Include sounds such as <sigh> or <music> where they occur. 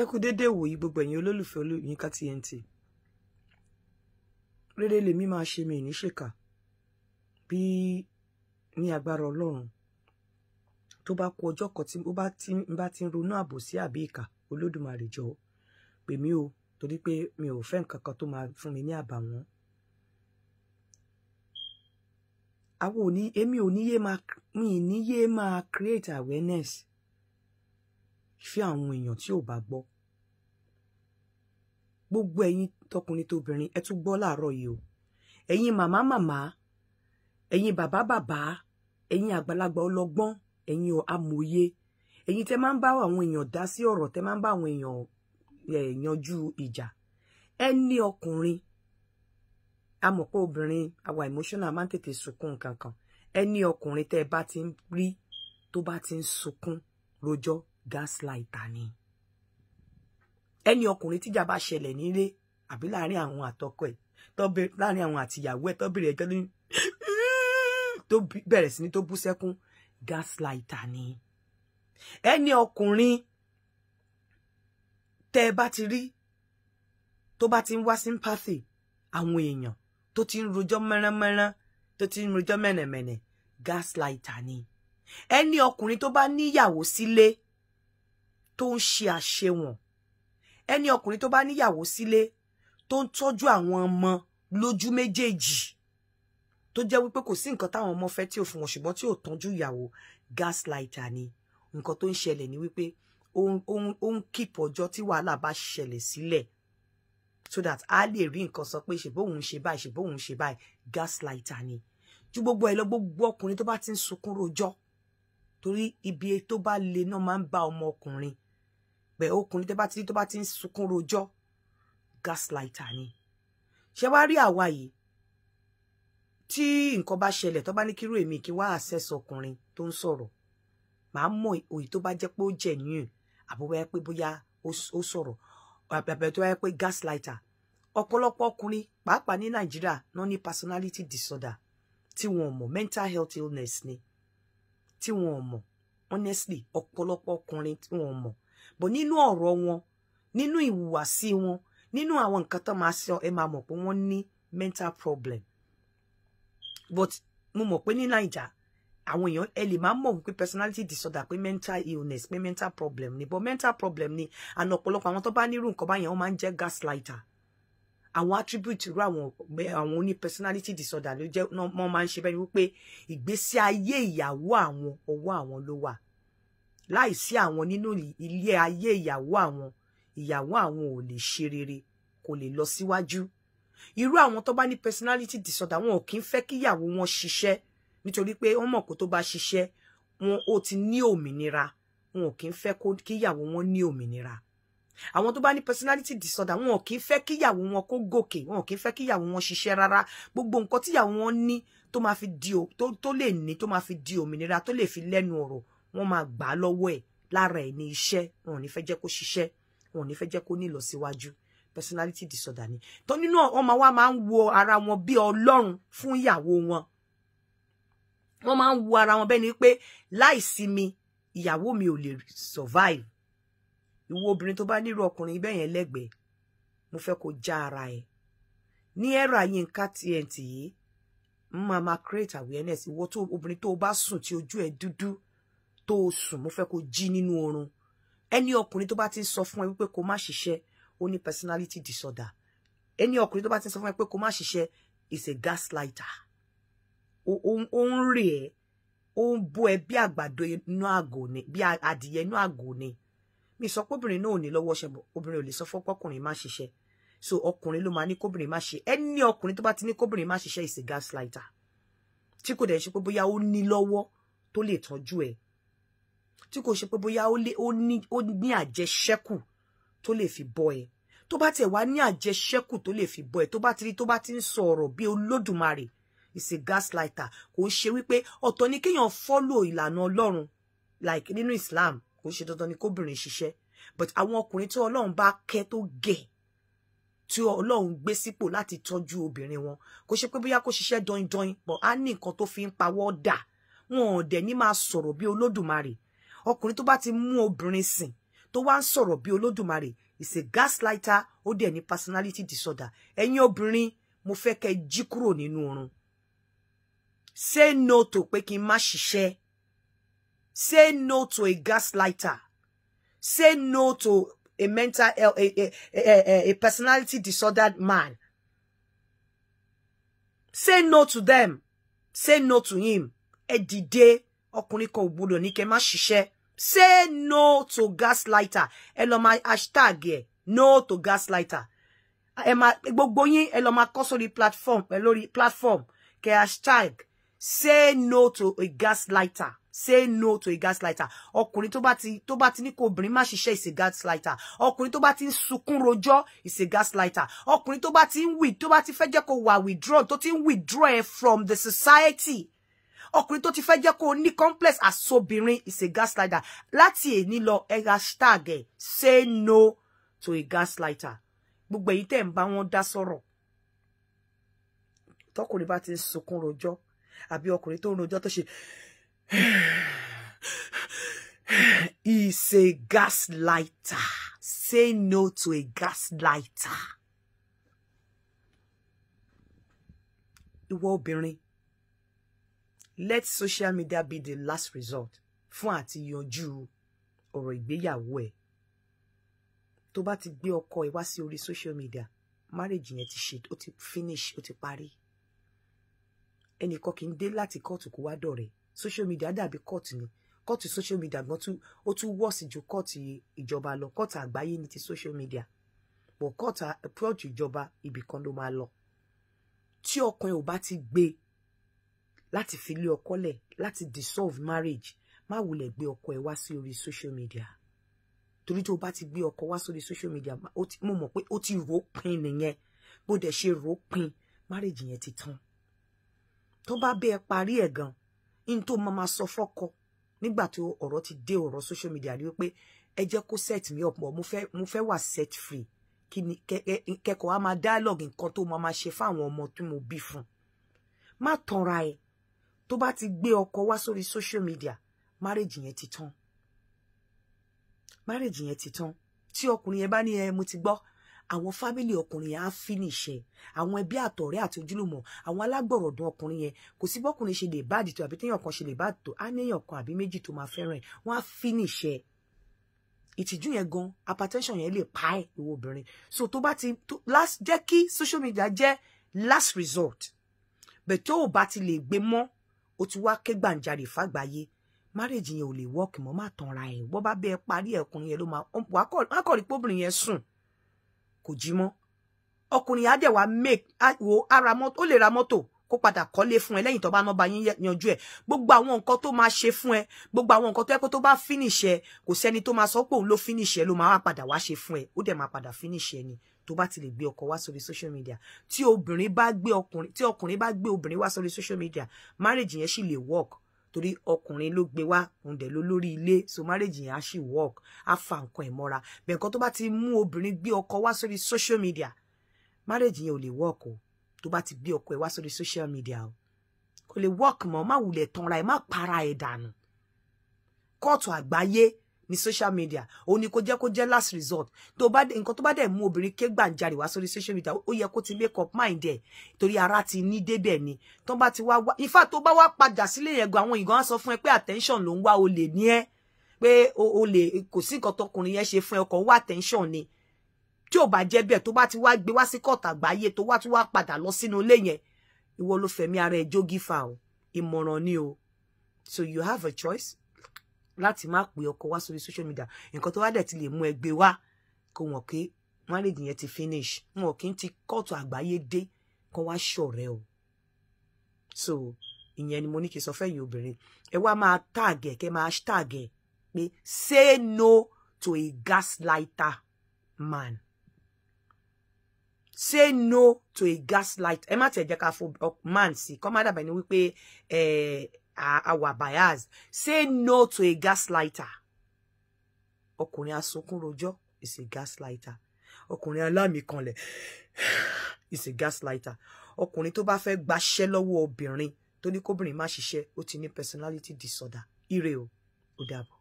ẹ kú dédé wòyí gbogbo ẹ̀yin olólùfẹ́ Yinka TNT rere lèmi máa ṣe mi ní ṣèkà bí ní agbára Ọlọ́run tó bá ku ọjọ́ kan tí ó bá ti ń bá ti ń ronú àbòsí àbí ìkà Olódùmarè jọ pè mí o torí pé mi ò fẹ́ nǹkan kan tó máa fún mi ní àbàwọ́n àwọn òní èmi ò yé máa mi ní yé máa create awareness fi àwọn èèyàn tí ò bá gbọ́ gbogbo ẹ̀yin tọkùnrin tóbìnrin ẹ tún gbọ́ láàárọ̀ yìí o ẹ̀yin màmá màmá ẹ̀yin bàbá bàbá ẹ̀yin àgbàlagbà ọlọ́gbọ́n ẹ̀yin amòye ẹ̀yin tẹ́ máa ń bá àwọn èèyàn dá sí ọ̀rọ̀ tẹ́ máa ń bá àwọn èèyàn yanjú ìjà ẹ ní ọkùnrin a mọ̀ pé obìnrin àwa emotional máa ń tètè sunkún kankan ẹ ní ọkùnrin tẹ́ bá ti ń rí tó bá ti ń sunkún rojọ́ gaslighter ni ẹni ọkùnrin tíjà bá ṣẹlẹ̀ nílé àbí láàrin àwọn àtọkọ ẹ̀ láàrin àwọn àtìyàwó ẹ̀ tó bẹ̀rẹ̀ ẹjọ́ ní tó bẹ̀rẹ̀ sí ní tó bú sẹ́kún gaslighter ni ẹni ọkùnrin tẹ́ ẹ bá ti rí tó bá ti ń wá sympathy àwọn èèyàn tó ti ń rojọ́ mẹ́ránmẹ́rán tó ti ń rojọ́ mẹ́nẹ̀mẹ́nẹ̀ gaslighter ni ẹni ọkùnrin tó bá níyàwó sílé tó ń ṣe àṣewọ̀n ẹni ọkùnrin tó bá níyàwó sílé tó ń tọ́jú àwọn ọmọ lójú méjèèjì tó jẹ́ wípé kò sí nǹkan táwọn ọmọ fẹ́ tí ò fún wọn ṣùgbọ́n tí ò tọ́jú ìyàwó gaslighter ni nǹkan tó ń ṣẹlẹ̀ ni wípé ó ń keep ọjọ́ tí wàhálà bá ṣẹlẹ̀ sílẹ̀ so that a lè rí nǹkan sọ pé ṣèbóhùn ṣe báyìí ṣèbóhùn ṣe báyìí gaslighter ni ju gbogbo ẹ lọ gbogbo ọkùnrin tó bá ti ń sunkún rojọ́ torí ibi tó bá le náà máa ń bá ọmọ ọkùnrin bẹ ọkùnrin tẹ bá ti rí tó bá ti ń sunkún rojọ́ gaslighter ni ṣé wá rí àwa yìí tí nǹkan bá ṣẹlẹ̀ tó bá ní kírú èmi kí wá access ọkùnrin tó ń sọ̀rọ̀ màá mọ òyì tó bá jẹ́ pé ó genuine àbúrò ẹ pé bóyá ó sọ̀rọ̀ àbẹ̀bẹ̀ tó yẹ pé gaslighter ọ̀pọ̀lọpọ̀ ọkùnrin pàápàá ní nàìjíríà náà ní personality disorder tí wọn mọ̀ mental health illness ni tí wọn mọ̀ honestly ọ̀pọ̀lọpọ̀ ọkùnrin tí wọn mọ̀ bọ̀ nínú ọ̀rọ̀ wọn nínú ìhùwàsí wọn nínú àwọn nǹkan tó máa sọ ẹ máa mọ̀ pé wọ́n ni mental problem but mo mọ̀ pé ní naija àwọn èèyàn ẹ lè máa mọ̀ wípé personality disorder pé mental illness pé mental problem ni but mental problem ni àna ọ̀pọ̀lọpọ̀ àwọn tó bá nírú nǹkan báyẹn wọ́n máa ń jẹ́ gaslighter àwọn attribute irú àwọn àwọn oní personality disorder ló jẹ́ wọ́n máa ń ṣe bẹ́ẹ̀ ni wípé ìgbésí ayé ìyàwó àwọn ọwọ́ àwọn ló wà láìsí àwọn nínú ilé ayé ìyàwó àwọn ìyàwó àwọn ò lè ṣe rere kò lè lọ síwájú irú àwọn tó bá ní personality disorder wọn ò kí ń fẹ́ kíyàwó wọn ṣiṣẹ́ nítorí pé wọ́n mọ̀ kó tó bá ṣiṣẹ́ wọn ò ti ní òmìnira wọn ò kí ń fẹ́ kíyàwó wọn ní òmìnira àwọn tó bá ní personality disorder wọn ò kí ń fẹ́ kíyàwó wọn kó gòkè wọn ò kí ń fẹ́ kíyàwó wọn ṣiṣẹ́ rárá gbogbo nǹkan tíyàwó wọn ní tó máa fi di tó lè ní tó máa fi di òmìnira tó lè fi lẹ́nu ọ̀rọ̀ wọ́n máa gbà á lọ́wọ́ ẹ̀ lára ẹ̀ ní iṣẹ́ wọn ò ní fẹ́ jẹ́ kó ṣiṣẹ́ wọn ò ní fẹ́ jẹ́ kó ní ìlọsíwájú personality disorder ni tó nínú ọmọ wa máa ń wo ara wọn bí ọlọ́run fún ìyàwó wọn wọ́n máa ń wo ara wọn bẹ́ẹ̀ pé láìsí mi ìyàwó mi ò lè survive ìwọ obìnrin tó bá nírú ọkùnrin bẹ́ẹ̀ yẹn lẹ́gbẹ̀ẹ́ mo fẹ́ kó já ara ẹ̀ ní ẹ̀rọ Yinka TNT yìí n máa ma create awareness ìwọ tó obìnrin tó o bá sùn tí ojú ẹ̀ dúdú tó o sùn mo fẹ́ kó jí nínú oorun ẹni ọkùnrin tó bá ti sọ fún ẹ wípé kó má ṣiṣẹ́ ó ní personality disorder ẹni ọkùnrin tó bá ti ń sọ fún ẹ pé kó má ṣiṣẹ́ is a gaslighter ó ń rè ẹ́ ó ń bó ẹ bí àgbàdo inú àgò ni bí adìyẹ inú àgò ni mi sọ pé obìnrin náà ò ní lọ́wọ́ ṣe obìnrin ò lè sọ fún ọkùnrin má ṣiṣẹ́ so ọkùnrin ló máa ní kóbìnrin má ṣe ẹni ọkùnrin tó bá ti ní kóbìnrin má ṣiṣẹ́ is a gaslighter tí kò dẹ̀ ṣe pé bóyá ó ní lọ́wọ́ tó lè tọ́jú ẹ̀ tí kò ṣe pé bóyá ó lé ó ní àjẹṣẹ́kù tó lè fi bọ́ ẹ tó bá tiẹ̀ wá ní àjẹṣẹ́kù tó lè fi bọ́ ẹ tó bá ti rí tó ti ń sọ ọ̀rọ̀ bí olódùmarè gaslighter ko ṣe wípé ọ̀tọ̀ ni kéèyàn follow ìlànà ọlọ́run like nínú Islam ko ṣe dandan ni kóbìnrin ṣiṣẹ́ but àwọn ọkùnrin tí ọlọ́run bá kẹ́ tó gẹ̀ tí ọlọ́run gbé sípò láti tọ́jú obìnrin wọn kò ṣe pé bóyá kò ṣiṣẹ́ dọindọin but ani ní nǹkan tó fi ń pawọ́ dà wọn ò dẹ̀ ní máa sọ̀rọ̀ bí ọkùnrin tó bá ti mú obìnrin sìn tó wá ń sọ̀rọ̀ bí olódùmarè is a gaslighter ó dẹ̀ ní personality disorder ẹ̀yin obìnrin mo fẹ́ kẹ́ jí kúrò nínú oorun say no to pé kí n má ṣiṣẹ́ say no to a gaslighter say no to a mental a, a, a, a, a personality disordered man say no to them say no to him ẹ dìde ọkùnrin kan ò gbọdọ̀ ní kẹ́ má say no to gaslighter ẹ lọ máa hashtag ẹ no to gaslighter ẹ ma gbogbo yín ẹ lọ máa kọ sórí platform ẹ lórí platform Ke hashtag say no to a gaslighter say no to a gaslighter ọkùnrin tó bá ti to bá ti ní kó obìnrin má ṣiṣẹ́ ìṣe gaslighter ọkùnrin tó bá ti ń sunkún rojọ́ ìṣe gaslighter ọkùnrin tó bá ti ń to tó bá ti fẹ́ jẹ́ kó wà withdraw To ti withdraw from the society ọkùnrin tó ti fẹ́ jẹ́ kó o ní complex asobìnrin is a gaslighter láti èní lọ ẹ hashtag ẹ say no to a gaslighter gbogbo èyí tẹ̀ ń bá wọn dá sọ̀rọ̀ tọkùnrin bá ti ń sunkún rojọ́ àbí ọkùnrin tó ń rojọ́ tó ṣe <sighs> is a gaslighter say no to a gaslighter ìwọ obìnrin let social media be the last resort fún àti yanjú ọ̀rọ̀ ìgbéyàwó ẹ̀ tó bá ti gbé ọkọ ẹ̀ wá sí orí social media marriage yẹn ti ṣe ó ti finish ó ti parí ẹnìkan kì í dé láti kóòtù kó wá dọ̀rẹ́ social media dàbí kóòtù ni kóòtù social media gan tún ó tún wọ́ọ̀sì ju kóòtù ìjọba lọ kóòtù àgbáyé ní ti social media bọ̀ kóòtù approach ìjọba ibì kan ló máa lọ tí ọkàn ò bá ti gbé e láti fi lé ọkọ lẹ̀ láti dissolve marriage má wulẹ̀ gbé ọkọ ẹ wá sí orí social media torí tó o bá ti gbé ọkọ wá sórí social media mo mọ̀ pé ó ti rò ó pin nìyẹn bó dẹ̀ ṣe rò marriage yẹn ti tán tó bá bẹ́ẹ̀ parí ẹ̀ gan in tó máa ma sọ fọ́kọ nígbà tó ọ̀rọ̀ ti dé ọ̀rọ̀ social media rí pé ẹ jẹ́ kó set me up mo fẹ́ mo fẹ́ wà set free kí ni kẹ́kọ̀ọ́ á máa dialogue nǹkan tó máa ma ṣe fáwọn ọmọ tí mo bí fún má tanra ẹ̀ tó bá ti gbé ọkọ wá sórí social media marriage yẹn ti tán marriage yẹn ti tán tí ọkùnrin yẹn bá ní ẹ mo ti gbọ́ àwọn fámìlì ọkùnrin yẹn á finish ẹ àwọn ẹbí àtọ̀rẹ́ àti ojúlùmọ̀ àwọn alágbọ̀rọ̀dún ọkùnrin yẹn kò sí bọ́kùnrin ṣe lè bá àdìtò àbí téèyàn kan ṣe lè bá àdìtò á níyàn kan àbí méjì tó máa fẹ́ràn ẹ̀ wọ́n finish ẹ ìtìjú yẹn gan hypertension yẹn lè pa ẹ́ ìwọ obìnrin so tó bá ti last jẹ́ kí social media jẹ́ last resort bẹ̀ tó o bá ti lè gbé mọ́ ó ti wá ké gbàǹjarè fàgbáyé márèjì yẹn ò lè wọ́ọ̀kì mọ́ má tanra ẹ̀ bọ́ bá bẹ́ẹ̀ parí ẹ̀kùnrin yẹn ló máa wá kọ̀ rí póbìnrin yẹn sùn kò jí mọ́ ọkùnrin yẹn á dẹ̀ wá make wo ara mọ́tò ó lè ra mọ́tò kó padà kọ́lé fún ẹ lẹ́yìn tó bá ná ba yín yanjú ẹ gbogbo àwọn nǹkan tó máa ṣe fún ẹ gbogbo àwọn nǹkan tó yẹ kó tó bá finish ẹ kò sẹ́ni tó máa sọ pé òun ló finish ẹ ló máa padà wá ṣe fún ẹ ó dẹ̀ máa padà finish ẹ ni tó bá ti lè gbé ọkọ wá sórí social media tí obìnrin bá gbé ọkùnrin tí ọkùnrin bá gbé obìnrin wá sórí social media marriage yẹn sì lè work torí ọkùnrin ló gbé wá òun dẹ̀ ló lórí ilé so marriage yẹn á sì work á fa nǹkan ẹ̀ mọ́ra bẹ́ẹ̀ nǹkan tó ti mú obìnrin gbé ọkọ wá sórí social media marriage yẹn ò lè work o tó bá ti gbé ọkọ ẹ̀ wá sórí social media o kò lè work mọ́ má wulẹ̀ tanra ẹ̀ má para ẹ̀ dànù kóòtù àgbáyé ní social media ó ní kó jẹ́ kó jẹ́ last resort tó bá nǹkan tó bá dẹ̀ mú obìnrin ké gbàǹjarè wá sórí social media ó yẹ kó ti make up mind ẹ̀ torí ara ti ní débẹ̀ ni tó bá ti wá in fact tó bá wá padà sílé yẹn gan àwọn ìgàn á sọ fún ẹ attention ló ń wá o lè ní ẹ pé o lè kò sí nǹkan tọkùnrin yẹn ṣe fún ẹ ọkàn wá attention ni tí ò bá jẹ́ bẹ́ẹ̀ tó bá ti wá gbé wá sí kọ̀ọ̀tà àgbáyé tó wá tún wá padà lọ sínú ilé yẹn ìwọ ló fẹ̀mí ara ẹ̀ jógífà o ìmọ̀ràn ni o so you have a choice láti má pè ọkọ wá sórí social media nǹkan tó wá dẹ̀ ti lè mú ẹgbẹ́ wá kó wọ́n pé marriage yẹn ti finish wọn kì í ti kóòtù àgbáyé dé kó wá ṣọ̀rẹ́ o so ìyẹn ni mo ní kí n sọ fẹ́yìn obìnrin ẹ wá máa tààgẹ̀ kẹ́ máa tààgẹ̀ pé say no to a gaslighter man say no to a gaslight ẹ má tẹ̀ jẹ́ ká fo man sí kọ́ má dàbẹ̀ ni wípé eh, Uh, our bias say no to a gaslighter ọkùnrin asunkúnrojọ́ is a gaslighter ọkùnrin alámìkanlẹ̀ <sighs> is a gaslighter ọkùnrin tó bá fẹ́ gbaṣẹ́ lọ́wọ́ obìnrin tó ní kóbìnrin má ṣiṣẹ́ ó ti ní personality disorder ire o ó